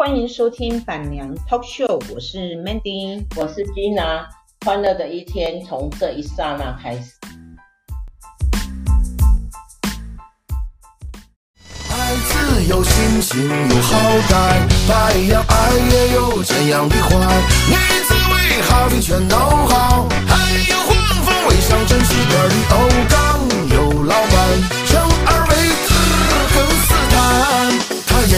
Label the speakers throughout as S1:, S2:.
S1: 歡迎收聽板娘 Talk Show，我是 Mandy，我是 Gina，歡樂的一天從這一剎那開始。
S2: 愛字有心，心有好歹，百樣愛也有千樣的壞，女子為好，非全都好，還有黃蜂尾上針的歐張。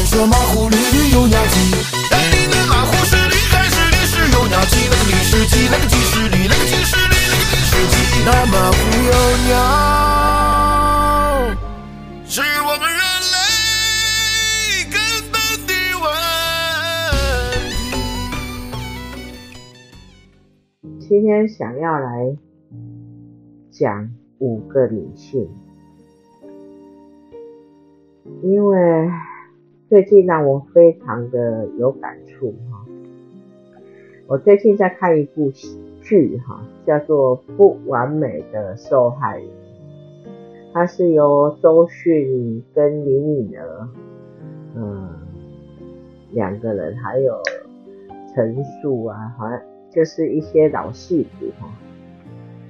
S2: 這馬戶驢又鳥雞，但你那馬戶是驢，還是驢是又鳥雞，那驢是雞，那個雞是驢，那個雞是雞。是是是是那馬戶又鳥，是我們人類根本的問
S1: 題。今天想要來講五個女性，因為。最近讓我非常的有感觸哈，我最近在看一部劇哈，叫做《不完美的受害人》，它是由周迅跟林允兒，嗯，兩個人還有陳數啊，好像就是一些老戲骨哈，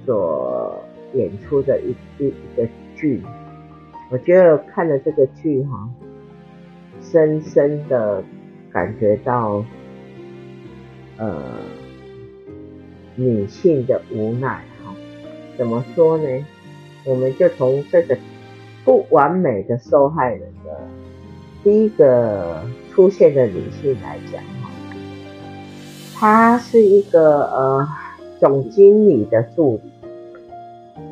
S1: 所演出的一一個一個劇，我覺得看了這個劇哈。深深的感覺到，呃，女性的無奈哈，怎麼說呢？我們就從這個不完美的受害人的第一個出現的女性來講哈，她是一個呃總經理的助理。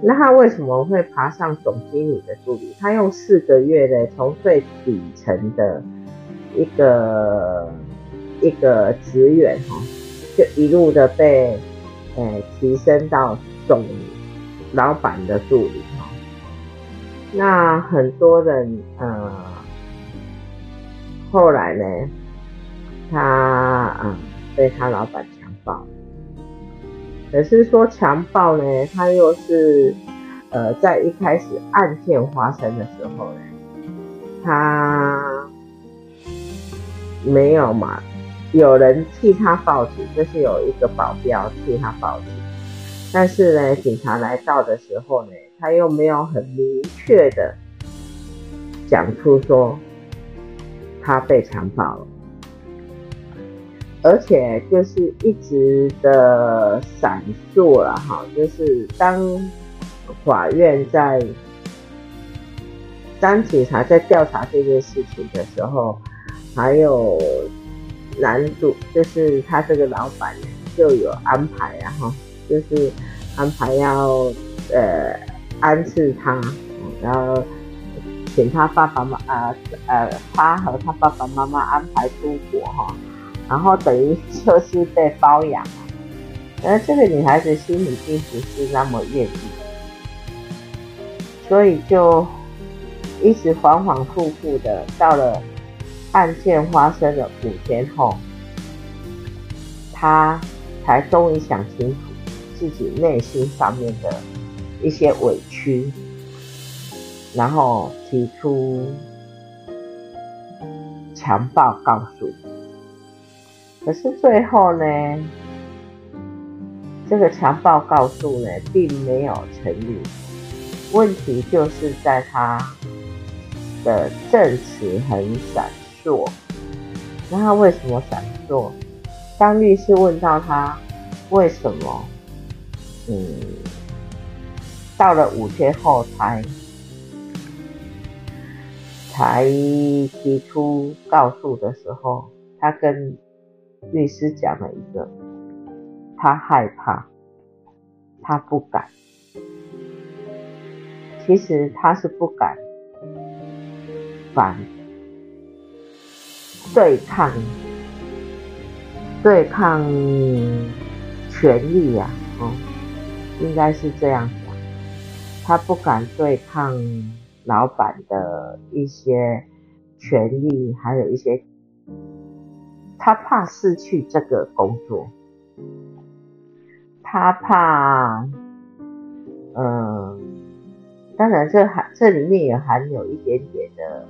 S1: 那他為什麼會爬上總經理的助理？他用四個月呢，從最底層的一個一個職員哈，就一路的被誒、欸、提升到總老板的助理。那很多人呃，後來呢，他啊、呃、被他老板強暴。可是說強暴呢，他又是呃，在一開始案件發生的時候呢，他沒有嘛，有人替他報警，就是有一個保鏢替他報警，但是呢，警察來到的時候呢，他又沒有很明確的講出說他被強暴了。而且就是一直的閃爍了哈，就是當法院在當警察在調查這件事情的時候，還有男主，就是他這個老板就有安排然後，就是安排要呃安置他，然後請他爸爸媽啊呃，呃他和他爸爸媽媽安排出國哈。然後等於就是被包養了，而這個女孩子心裡並不是那麼願意，所以就一直反反復復的。到了案件發生的五天後，她才終於想清楚自己內心上面的一些委屈，然後提出強暴告訴。可是最後呢，這個強暴告訴呢並沒有成立，問題就是在他的證詞很閃爍。那他為什麼閃爍？當律師問到他為什麼？嗯，到了五天後才才提出告訴的時候，他跟律師講了一個，他害怕，他不敢。其實他是不敢，反對抗，對抗權力呀、啊，哦、嗯，應該是這樣講。他不敢對抗老闆的一些權利，還有一些。他怕失去這個工作，他怕，嗯，當然這還這裡面也含有一點點的，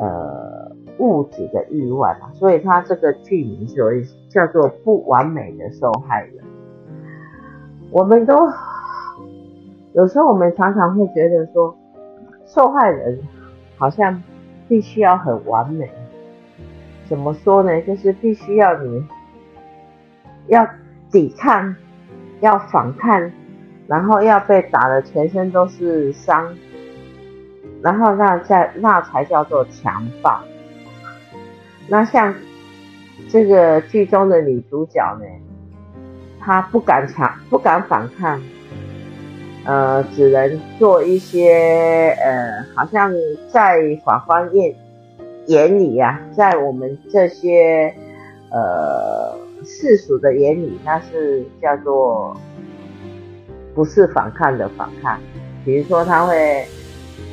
S1: 呃，物質的欲望嘛，所以他這個劇名所以叫做不完美的受害人。我們都，有時候我們常常會覺得說，受害人好像必須要很完美。怎麼說呢？就是必須要你，要抵抗，要反抗，然後要被打得全身都是傷，然後那才那才叫做強暴。那像這個劇中的女主角呢，她不敢強，不敢反抗，呃，只能做一些呃，好像在反方應。眼裡啊，在我們這些呃世俗的眼裡，那是叫做不是反抗的反抗。比如說，它會，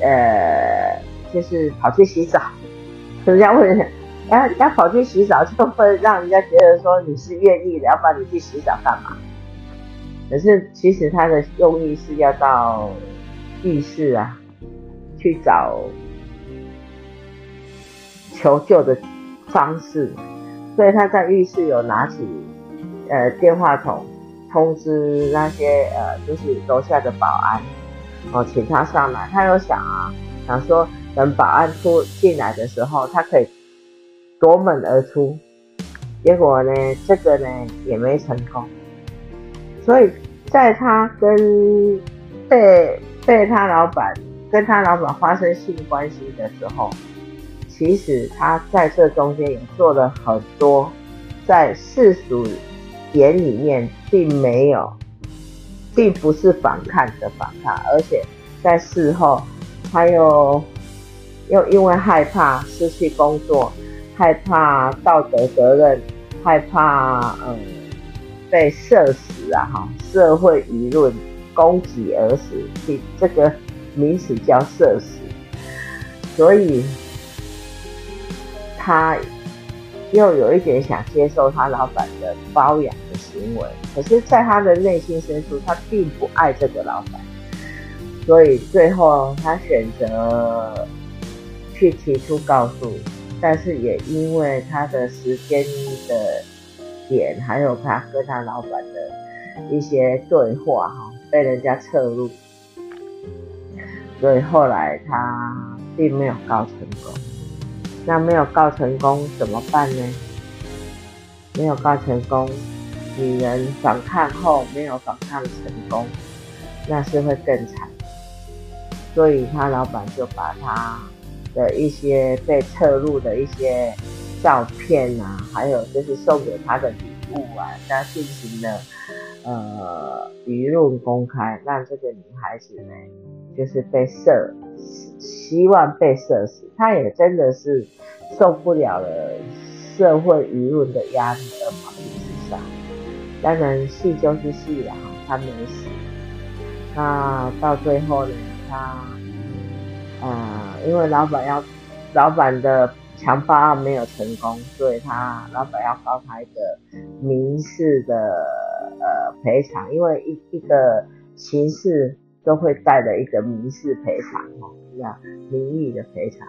S1: 他會呃，就是跑去洗澡，人家會哎，他跑去洗澡就會讓人家覺得說你是願意的，要不然你去洗澡幹嘛？可是其實他的用意是要到浴室啊去找，求救的方式，所以他在浴室有拿起呃電話筒，通知那些呃就是樓下的保安哦，請他上來。他又想啊，想說等保安出進來的時候，他可以奪門而出。結果呢，這個呢也沒成功。所以在他跟被被他老板跟他老板發生性關係的時候。其實他在這中間也做了很多，在世俗眼裡面並沒有，並不是反抗的反抗，而且在事後他又，還有又因為害怕失去工作，害怕道德責任，害怕嗯被社死啊哈，社會輿論攻擊而死，這這個名詞叫社死，所以。他又有一點想接受他老闆的包養的行為，可是，在他的內心深處，他並不愛這個老闆，所以最後他選擇去提出告訴，但是也因為他的時間的點，還有他和他老闆的一些對話哈，被人家側錄，所以後來他並沒有告成功。那沒有告成功怎麼辦呢？沒有告成功，女人反抗後沒有反抗成功，那是會更慘。所以他老板就把他的一些被撤入的一些照片啊，還有就是送給他的禮物啊，那進行了呃輿論公開，讓這個女孩子呢就是被射。希望被射死，他也真的是受不了了社會輿論的壓力，而跑去自殺。當然，戲就是戲了，他沒死。那到最後呢，他，呃，因為老板要，老板的強暴案沒有成功，所以他老板要告他一個民事的呃賠償，因為一一個刑事。都會帶來一個民事賠償，吼，這樣名譽的賠償。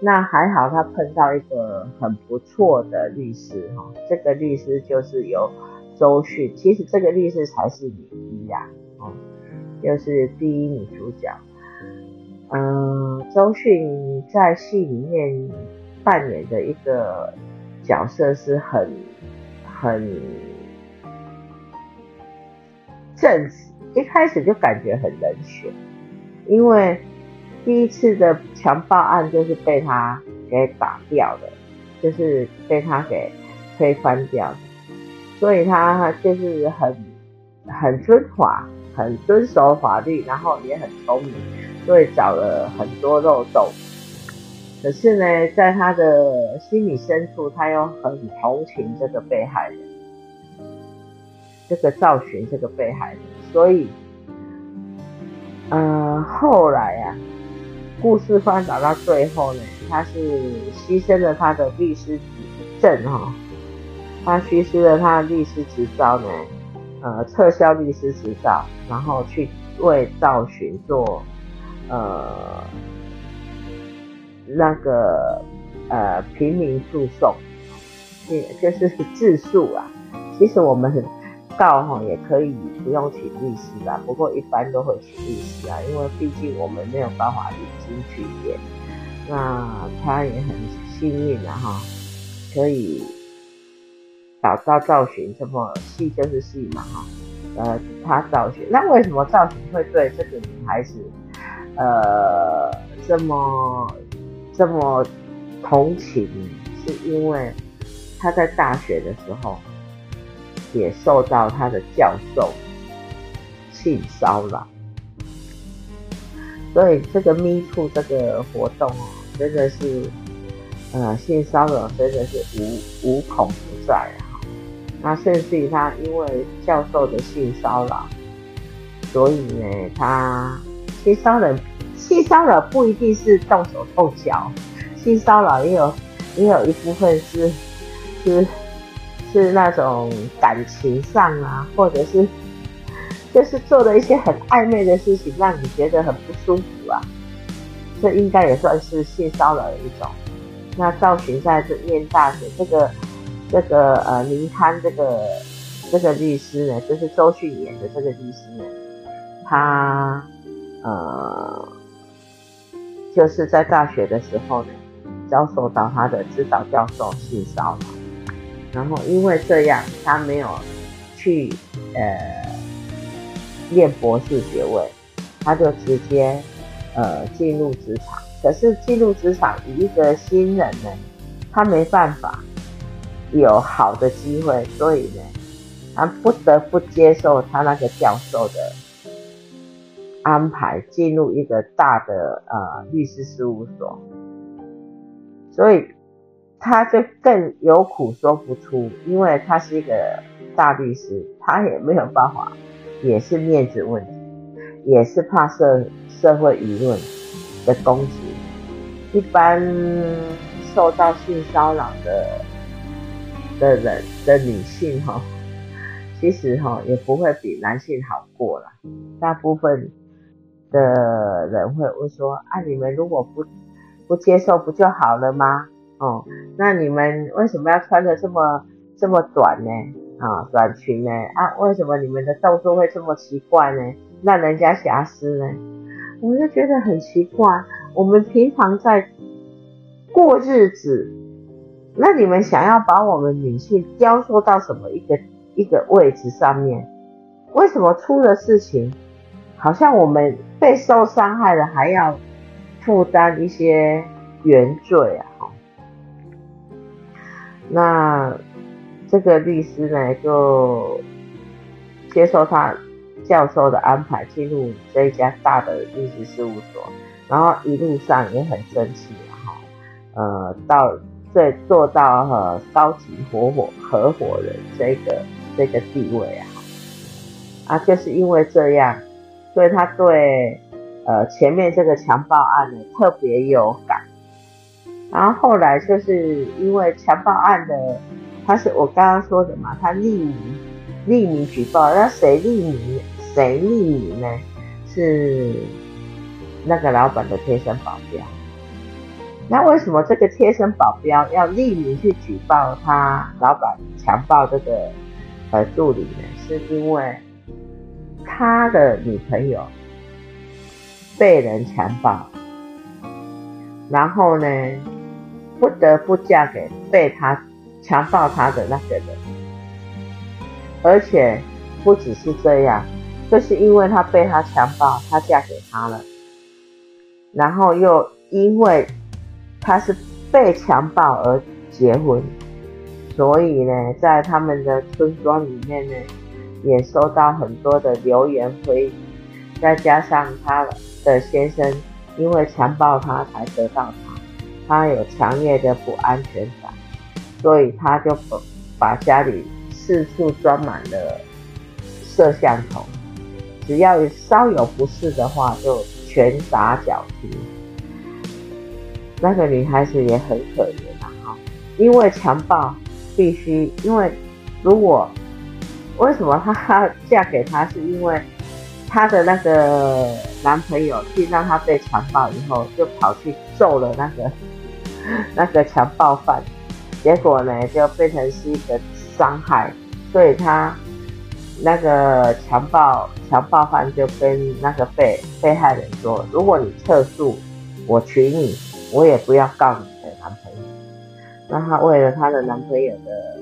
S1: 那還好，他碰到一個很不錯的律師，吼，這個律師就是由周迅，其實這個律師才是女一呀，嗯，又是第一女主角。嗯，周迅在戲裡面扮演的一個角色是很很正直，一開始就感覺很冷血，因為第一次的強暴案就是被他給打掉的，就是被他給推翻掉的，所以他就是很很遵法，很遵守法律，然後也很聰明，所以找了很多漏洞。可是呢，在他的心理深處，他又很同情這個被害人。這個趙尋這個被害人，所以，呃，後來啊，故事發展到最後呢，他是犧牲了他的律師執證哦，他缺失了他的律師執照呢，呃，撤銷律師執照，然後去為趙尋做呃那個呃平民訴訟，嗯，也就是自訴啊。其實我們很。告哈、哦、也可以不用請律師啦，不過一般都會請律師啊，因為畢竟我們沒有辦法理性去辯。那他也很幸運的、啊、哈，可以找到趙尋，這麼戲就是戲嘛哈。呃，他趙尋，那為什麼趙尋會對這個女孩子，呃，這麼這麼同情？是因為他在大學的時候。也受到他的教授性騷擾，所以這個咪兔這個活動哦，真的是，呃，性騷擾真的是無無孔不在啊。那甚至於他因為教授的性騷擾，所以呢他了，他性騷擾性騷擾不一定是動手動腳，性騷擾也有也有一部分是是。是那種感情上啊，或者是就是做了一些很曖昧的事情，讓你覺得很不舒服啊。這應該也算是性騷擾的一種。那趙尋現在這念大學，這個這個呃，林闞這個這個律師呢，就是周迅演的這個律師呢，他呃就是在大學的時候呢，交授到他的指導教授性騷擾。然後因為這樣，他沒有去呃念博士學位，他就直接呃進入職場。可是進入職場，一個新人呢，他沒辦法有好的機會，所以呢，他不得不接受他那個教授的安排，進入一個大的呃律師事務所。所以。他就更有苦說不出，因為他是一個大律師，他也沒有辦法，也是面子問題，也是怕社社會輿論的攻擊。一般受到性騷擾的的人的女性哈，其實哈也不會比男性好過了。大部分的人會會說啊，你們如果不不接受不就好了嗎？哦，那你們為什麼要穿的這麼這麼短呢？啊、哦，短裙呢？啊，為什麼你們的動作會這麼奇怪呢？讓人家遐思呢？我就覺得很奇怪。我們平常在過日子，那你們想要把我們女性雕塑到什麼一個一個位置上面？為什麼出了事情，好像我們被受傷害了，還要負擔一些原罪啊？那這個律師呢，就接受他教授的安排，進入這一家大的律師事務所，然後一路上也很爭氣哈，呃，到這做到呃高級合夥合夥人這個這個地位啊，啊，就是因為這樣，所以他對呃前面這個強暴案呢特別有。然後後來就是因為強暴案的，他是我剛剛說的嘛，他匿名匿名舉報，那誰匿名誰匿名呢？是那個老闆的貼身保鏢。那為什麼這個貼身保鏢要匿名去舉報他老闆強暴這個呃助理呢？是因為他的女朋友被人強暴，然後呢？不得不嫁給被他強暴她的那個人，而且不只是這樣，就是因為她被他強暴，她嫁給他了，然後又因為她是被強暴而結婚，所以呢，在他們的村莊裡面呢，也受到很多的流言蜚語，再加上她的先生因為強暴她才得到。他有強烈的不安全感，所以他就把家裡四處裝滿了攝像頭，只要稍有不適的話就拳打腳踢。那個女孩子也很可憐嘛，哈，因為強暴必須因為如果為什麼她嫁給他，是因為她的那個男朋友聽到她被強暴以後，就跑去揍了那個。那個強暴犯，結果呢就變成是一個傷害，所以他那個強暴強暴犯就跟那個被被害人說：“如果你撤訴，我娶你，我也不要告你的男朋友。”那她為了她的男朋友的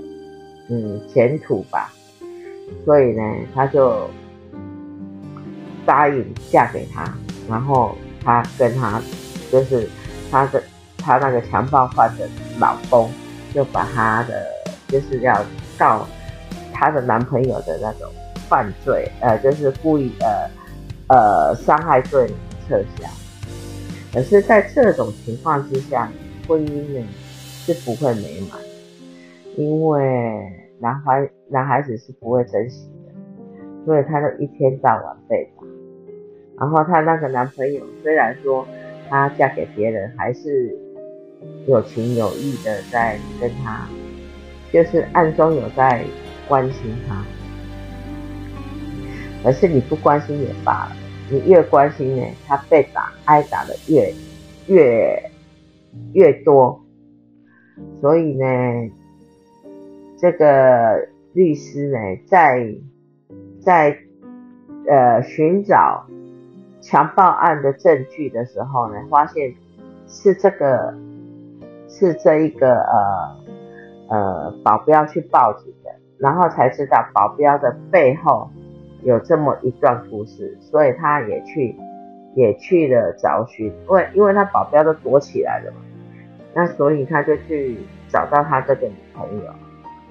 S1: 嗯前途吧，所以呢，她就答應嫁給他，然後他跟他就是他的。她那個強暴犯的老公就把她的就是要告她的男朋友的那種犯罪，呃，就是故意的呃呃傷害罪撤銷。可是，在這種情況之下，婚姻呢是不會美滿，因為男孩男孩子是不會珍惜的，所以她就一天到晚被打。然後，她那個男朋友雖然說她嫁給別人，還是。有情有義的在跟他，就是暗中有在關心他，可是你不關心也罷了，你越關心呢，他被打挨打的越越越多，所以呢，這個律師呢，在在呃尋找強暴案的證據的時候呢，發現是這個。是這一個呃呃保鏢去報警的，然後才知道保鏢的背後有這麼一段故事，所以他也去也去了找尋，因為因為他保鏢都躲起來了嘛，那所以他就去找到他這個女朋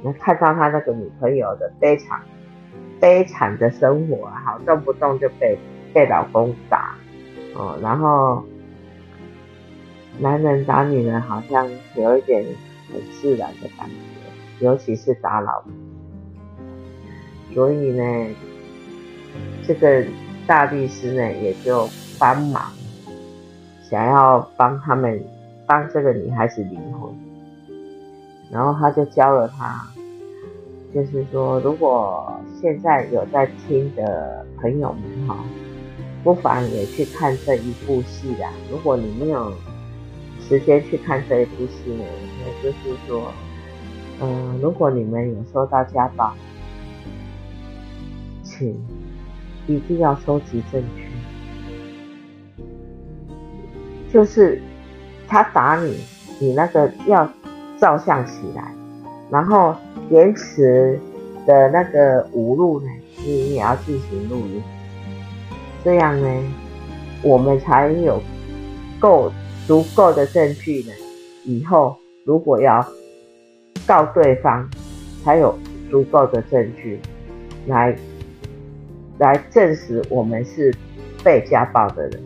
S1: 友，看到他那個女朋友的悲慘悲慘的生活，好動不動就被被老公打哦，然後。男人打女人好像有一點很自然的感覺，尤其是打老婆，所以呢，這個大律師呢也就幫忙，想要幫他們幫這個女孩子離婚，然後他就教了她，就是說，如果現在有在聽的朋友們哈，不妨也去看這一部戲啦。如果你沒有。時間去看這一部戲呢，也就是說，嗯、呃，如果你們有收到家暴，請一定要收集證據，就是他打你，你那個要照相起來，然後言辭的那個侮辱呢，你也要進行錄音，這樣呢，我們才有夠。足夠的證據呢，以後如果要告對方，才有足夠的證據來來證實我們是被家暴的人。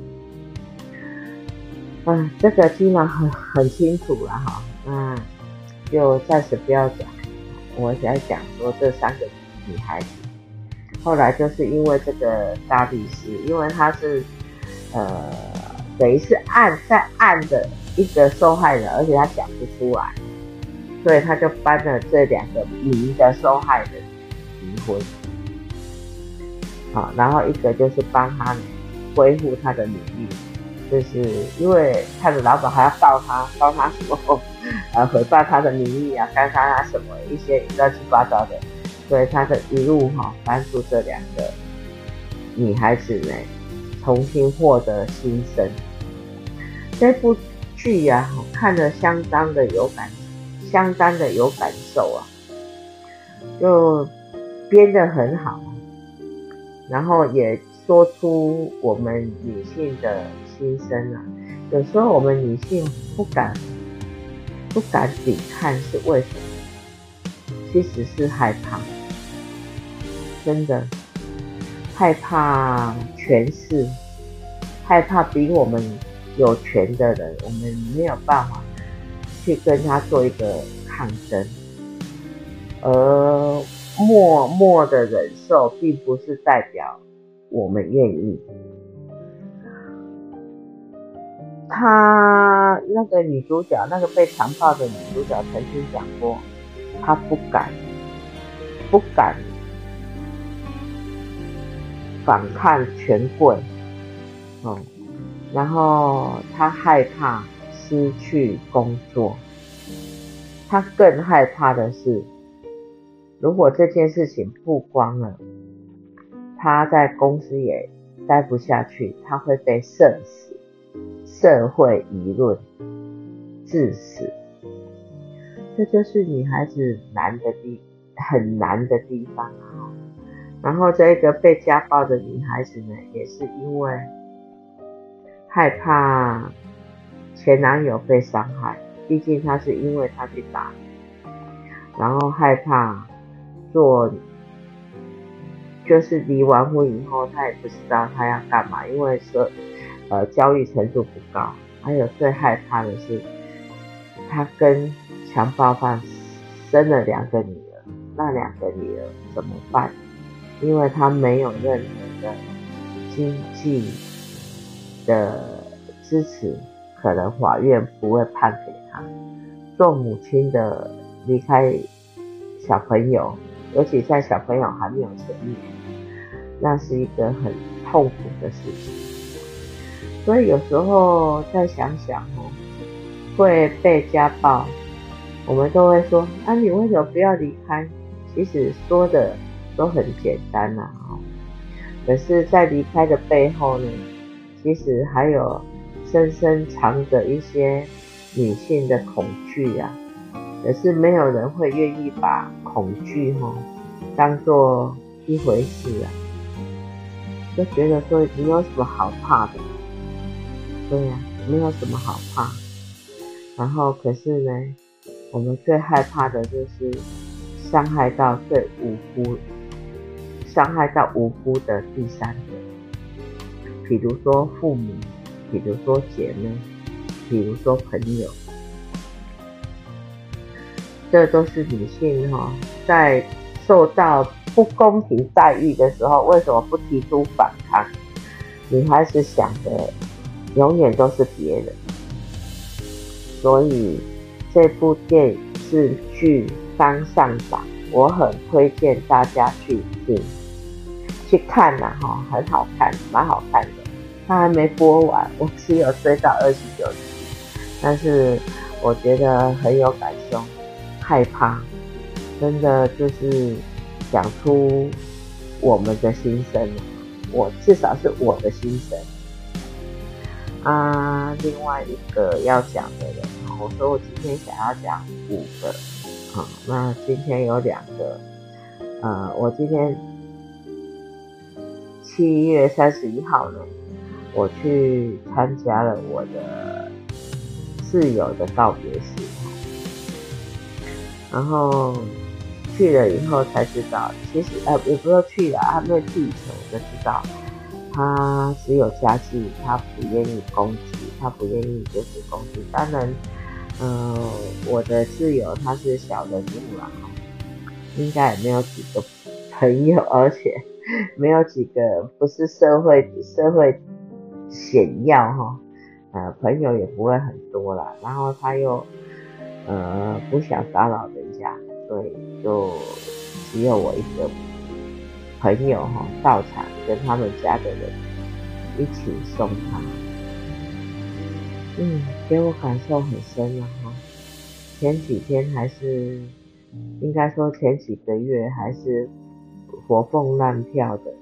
S1: 嗯，這個基本上很很清楚了哈。那就暫時不要講，我想講說這三個女孩子後來就是因為這個大律師，因為他是呃。等於是暗在暗的一個受害人，而且他講不出來，所以他就搬了這兩個名的受害人離婚。好、啊，然後一個就是幫他恢復他的名譽，就是因為他的老板還要告他、告他什麼，呃，毀、啊、謗他的名譽啊、幹他啊什麼一些亂七八糟的，所以他的一路哈、啊，幫助這兩個女孩子呢，重新獲得新生，這部劇啊，我看了相當的有感，相當的有感受啊，就編的很好，然後也說出我們女性的心聲啊。有時候我們女性不敢，不敢抵抗是為什麼？其實是害怕，真的。害怕權勢，害怕比我們有權的人，我們沒有辦法去跟他做一個抗爭，而默默的忍受，並不是代表我們願意。她那個女主角，那個被強暴的女主角，曾經講過，她不敢，不敢。反抗權貴，哦、嗯，然後他害怕失去工作，他更害怕的是，如果這件事情曝光了，他在公司也待不下去，他會被社死，社會輿論致死，這就是女孩子難的地，很難的地方啊。然後這個被家暴的女孩子呢，也是因為害怕前男友被傷害，畢竟她是因為他去打你，然後害怕做，就是離完婚以後，她也不知道她要幹嘛，因為說呃教育程度不高，還有最害怕的是，她跟強暴犯生了兩個女兒，那兩個女兒怎麼辦？因為他沒有任何的經濟的支持，可能法院不會判給他。做母親的離開小朋友，尤其在小朋友還沒有成年，那是一個很痛苦的事情。所以有時候再想想哦，會被家暴，我們都會說，啊，你為什麼不要離開？其實說的。都很簡單吶、啊，可是，在離開的背後呢，其實還有深深藏着一些女性的恐懼呀、啊。可是，沒有人會願意把恐懼哈、喔、當做一回事啊。就覺得說你有什麼好怕的？對呀、啊，沒有什麼好怕。然後，可是呢，我們最害怕的就是傷害到最無辜。傷害到無辜的第三者，比如說父母，比如說姐妹，比如說朋友，這都是女性哈，在受到不公平待遇的時候，為什麼不提出反抗？你還是想的永遠都是別人，所以這部電視劇剛上榜，我很推薦大家去聽。去看了，啊、哈，很好看，蠻好看的。它還沒播完，我只有追到二十九集。但是我覺得很有感受，害怕，真的就是講出我們的心聲。我至少是我的心聲。啊、呃，另外一個要講的人，我說我今天想要講五個。啊、呃，那今天有兩個。呃，我今天。七月三十一號呢，我去參加了我的室友的告別式，然後去了以後才知道，其實呃、啊，也不是去了啊，因為去以前我就知道，他只有家祭，他不願意公祭，他不願意就是公祭。當然，嗯、呃，我的室友他是小人物啦，應該也沒有幾個朋友，而且。沒有幾個不是社會社會險要哈，呃，朋友也不會很多啦。然後他又呃不想打擾人家，所以就只有我一個朋友哈到場，跟他們家的人一起送他。嗯，給我感受很深了哈。前幾天還是應該說前幾個月還是。活蹦亂跳的，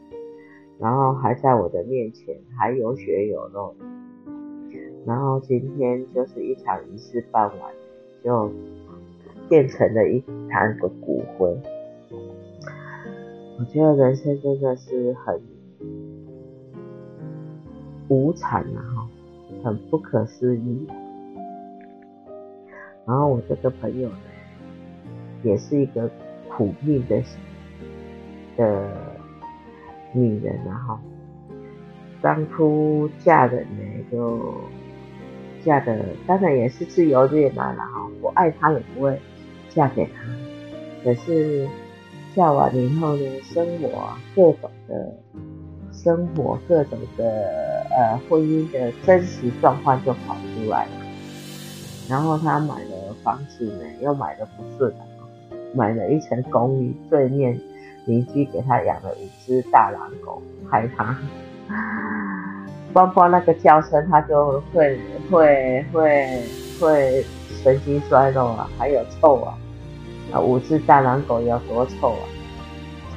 S1: 然後還在我的面前，還有血有肉。然後今天就是一場儀式辦完，就變成了一罈的骨灰。我覺得人生真的是很無常啊，很不可思議。然後我這個朋友呢，也是一個苦命的。的女人然後哈，當初嫁人呢，就嫁的當然也是自由戀愛了，哈，不愛他也不會嫁給他。可是嫁完以後呢，生活各種的，生活各種的，呃，婚姻，的真實狀況就跑出來了。然後他買了房子呢，又買了，不順，買了一層公寓對面。鄰居給他養了五隻大狼狗，害他，光光那個叫聲，他就會會會會神經衰弱啊，還有臭啊，那五隻大狼狗有多臭啊，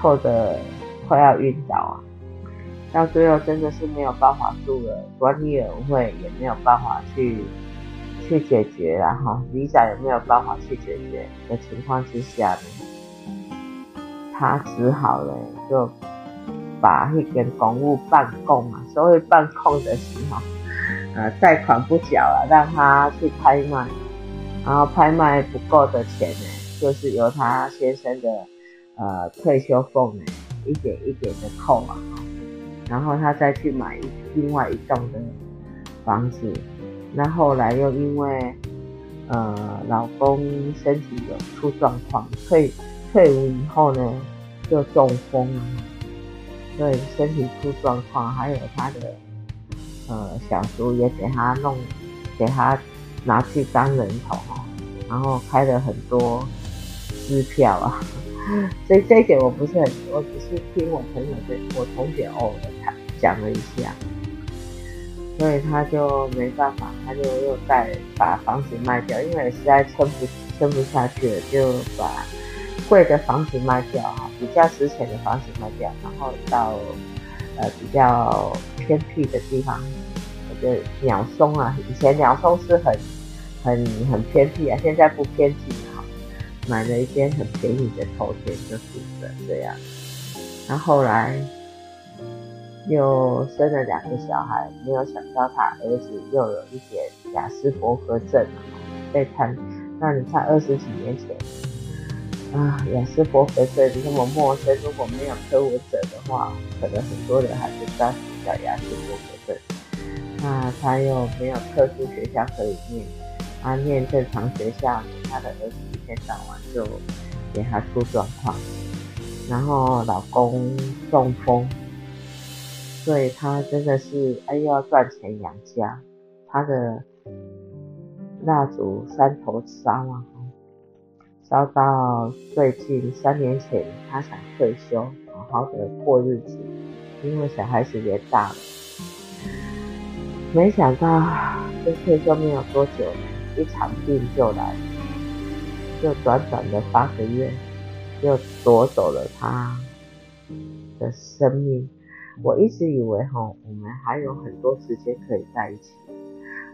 S1: 臭得快要暈倒啊，到最後真的是沒有辦法住了，管理委員會也沒有辦法去去解決啊，然後里長也沒有辦法去解決的情況之下他只好嘞，就把一間公屋辦公啊，所謂辦公的時候，呃，貸款不繳了、啊，讓他去拍賣，然後拍賣不夠的錢呢，就是由他先生的呃退休俸呢，一點一點的扣嘛、啊，然後他再去買另外一棟的房子，那後來又因為呃老公身體有出狀況，退。退伍以後呢，就中風了，所以身體出狀況。還有他的呃，小叔也給他弄，給他拿去當人頭，然後開了很多支票啊。所以這一點我不是很多，我只是聽我朋友的，我同學哦，他講了一下，所以他就沒辦法，他就又再把房子賣掉，因為實在撐不撐不下去了，就把。貴的房子賣掉哈、啊，比較值錢的房子賣掉，然後到呃比較偏僻的地方，我覺得鳥松啊，以前鳥松是很很很偏僻啊，現在不偏僻哈、啊，買了一間很便宜的頭銜，就是、了。這樣。那後來又生了兩個小孩，沒有想到他兒子又有一點亞斯伯格症、啊，再看那你看二十幾年前。啊，亞斯伯格症這麼陌生，如果沒有科普者的話，可能很多人還是不了解亞斯伯格症。那他又沒有特殊學校可以念，他念正常學校，他的兒子一天到晚就給他出狀況，然後老公中風，所以他真的是哎，又要賺錢養家，他的蠟燭三頭燒啊到最近三年前，他想退休，好好的過日子，因為小孩子也大了。沒想到，這退休沒有多久，一場病就來了。就短短的八個月，又奪走了他的生命。我一直以為，吼，我們還有很多時間可以在一起。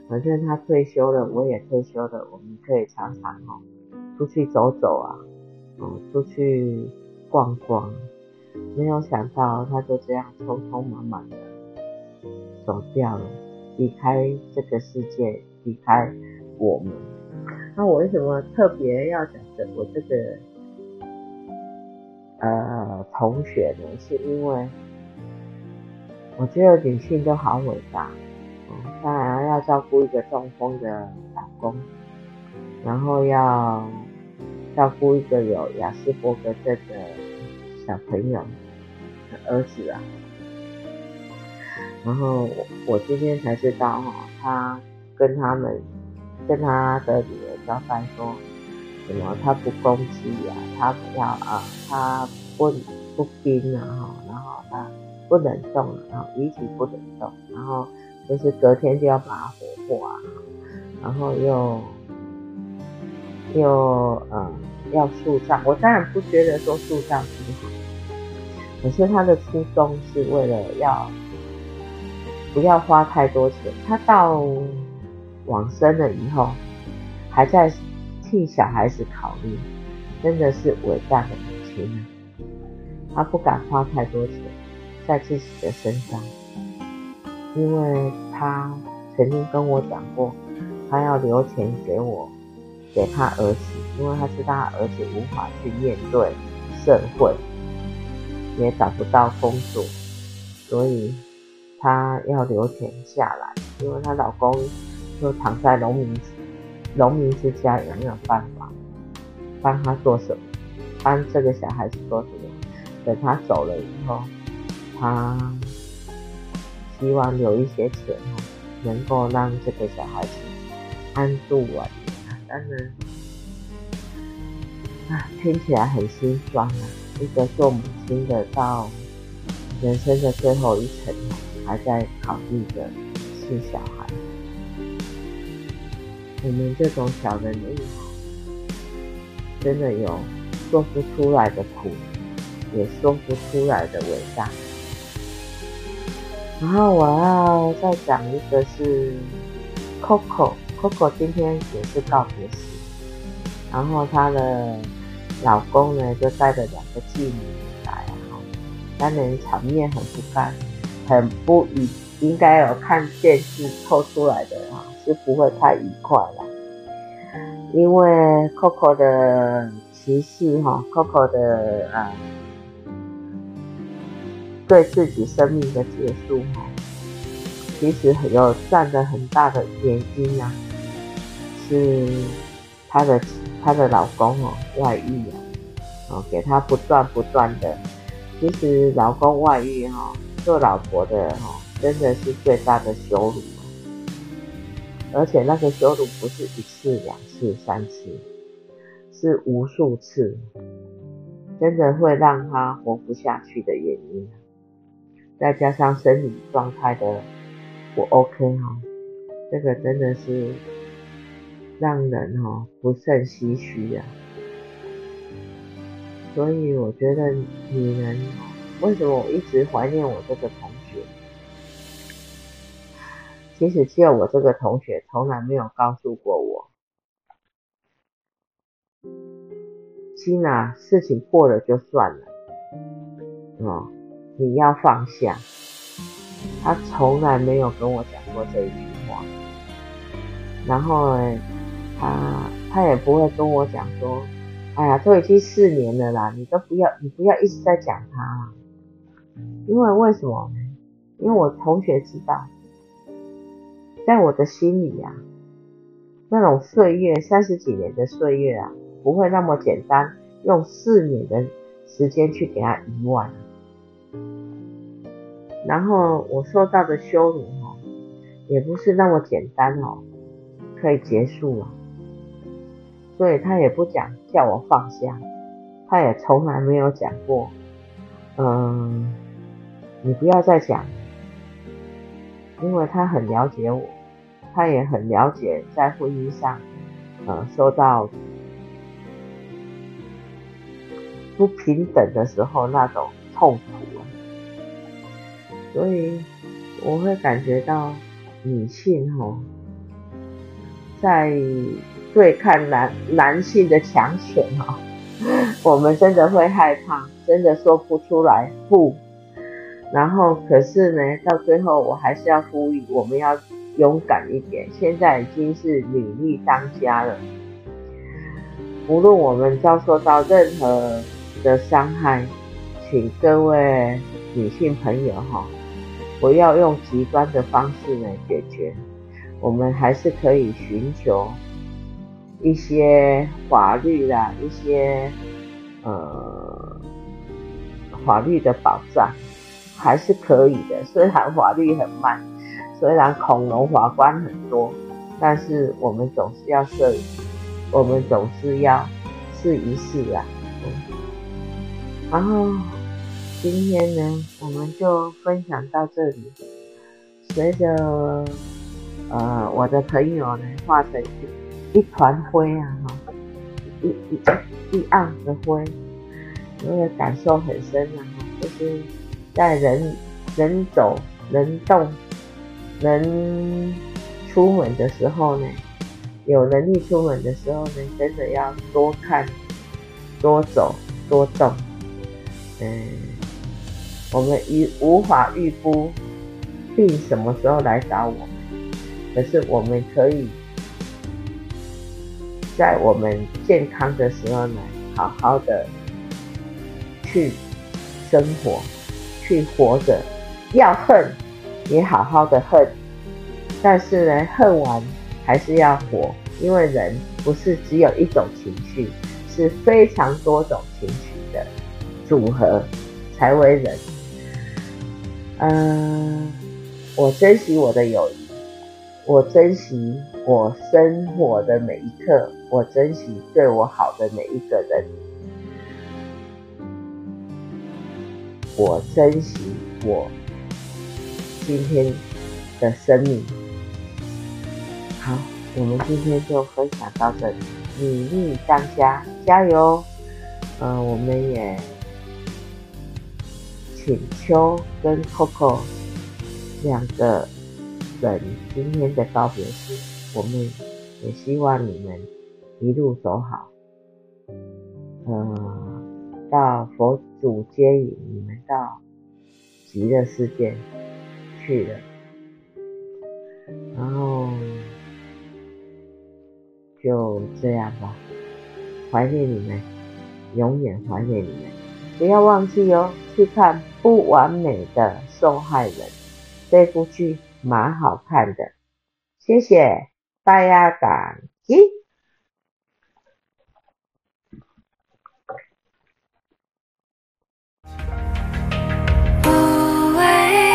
S1: 反正他退休了，我也退休了，我們可以常常，吼。出去走走啊，嗯，出去逛逛，沒有想到他就這樣匆匆忙忙的走掉了，離開這個世界，離開我們。那我為什麼特別要講我這個呃同學呢？是因為我覺得女性都好偉大，嗯，當然要照顧一個中風的老公，然後要。照顧一個有雅斯伯格症的小朋友的兒子啊，然後我今天才知道哈、啊，他跟他們跟他的女兒交代說，什麼他不攻擊啊，他不要啊，他不不冰啊哈，然後他不能動啊，然後一直不能動、啊，然後就是隔天就要把他火化、啊，然後又又嗯、啊。要樹葬，我當然不覺得說樹葬挺好，可是他的初衷是為了要不要花太多錢。他到往生了以後，還在替小孩子考慮，真的是偉大的母親啊！他不敢花太多錢在自己的身上，因為他曾經跟我講過，他要留錢給我。給他兒子，因為他知道他兒子無法去面對社會，也找不到工作，所以他要留錢下來，因為他老公就躺在農民農民之家，也沒有辦法幫他做什麼，幫這個小孩子做什麼。等他走了以後，他希望留一些錢，能夠讓這個小孩子安度晚年。但是、啊啊，聽起來很心酸啊！一個做母親的到人生的最後一程，還在考慮着是小孩。我們這種小人物，真的有說不出來的苦，也說不出來的偉大。然後我要再講一個是 Coco。Coco 今天也是告別式，然後她的老公呢，就帶着兩個繼女來哈、啊，當然場面很不甘，很不愉，應該有看電視透出來的哈、啊，是不會太愉快啦、啊。嗯、因為 Coco 的去世哈、啊、，Coco 的啊，對自己生命的結束哈、啊，其實有佔着很大的原因啊。是她的她的老公哦外遇啊，哦給她不斷不斷的。其實老公外遇哈、啊，做老婆的哈、啊，真的是最大的羞辱，啊，而且那個羞辱不是一次兩次三次，是無數次，真的會讓她活不下去的原因，再加上身體狀態的不 OK 哈、啊，這個真的是。讓人哦不勝唏噓啊！所以我覺得女人，為什麼我一直懷念我這個同學？其實只有我這個同學從來沒有告訴過我，心啊，事情過了就算了，哦、嗯，你要放下。他從來沒有跟我講過這一句話，然後呢？他、啊、他也不會跟我講說，哎呀，都已經四年了啦，你都不要你不要一直在講他，因為為什麼？因為我同學知道，在我的心裡呀、啊，那種歲月三十幾年的歲月啊，不會那麼簡單，用四年的時間去給他遺忘。然後我受到的羞辱哈、啊，也不是那麼簡單哦、啊，可以結束了、啊。所以他也不講叫我放下，他也從來沒有講過，嗯、呃，你不要再講，因為他很了解我，他也很了解在婚姻上，嗯、呃，受到不平等的時候那種痛苦，所以我會感覺到女性哦，在。對，看男男性的強權哈，我們真的會害怕，真的說不出來不。然後，可是呢，到最後我還是要呼籲，我們要勇敢一點。現在已經是女力當家了，無論我們遭受到任何的傷害，請各位女性朋友哈，不要用極端的方式呢解決，我們還是可以尋求。一些法律啦，一些呃法律的保障還是可以的。雖然法律很慢，雖然恐龍法官很多，但是我們總是要攝影，我們總是要試一試啊。然後今天呢，我們就分享到這裡。隨着呃我的朋友呢化成灰。一團灰啊，一一一暗的灰，那個感受很深啊，就是在人人走、人動、人出門的時候呢，有能力出門的時候呢，真的要多看、多走、多動。嗯，我們已無法預估病什麼時候來找我們，可是我們可以。在我們健康的時候呢，好好的去生活，去活着。要恨，也好好的恨。但是呢，恨完還是要活，因為人不是只有一種情緒，是非常多種情緒的組合才為人。嗯、呃，我珍惜我的友誼，我珍惜我生活的每一刻。我珍惜對我好的每一個人，我珍惜我今天的生命。好，我們今天就分享到這裡，努力當家，加油！嗯、呃，我們也請秋跟 Coco 兩個人今天的告別式，我們也希望你們。一路走好，呃，到佛祖接引你們到極樂世界去了。然後就這樣吧，懷念你們，永遠懷念你們，不要忘記哦，去看《不完美的受害人》這部劇，蠻好看的，謝謝大家感激。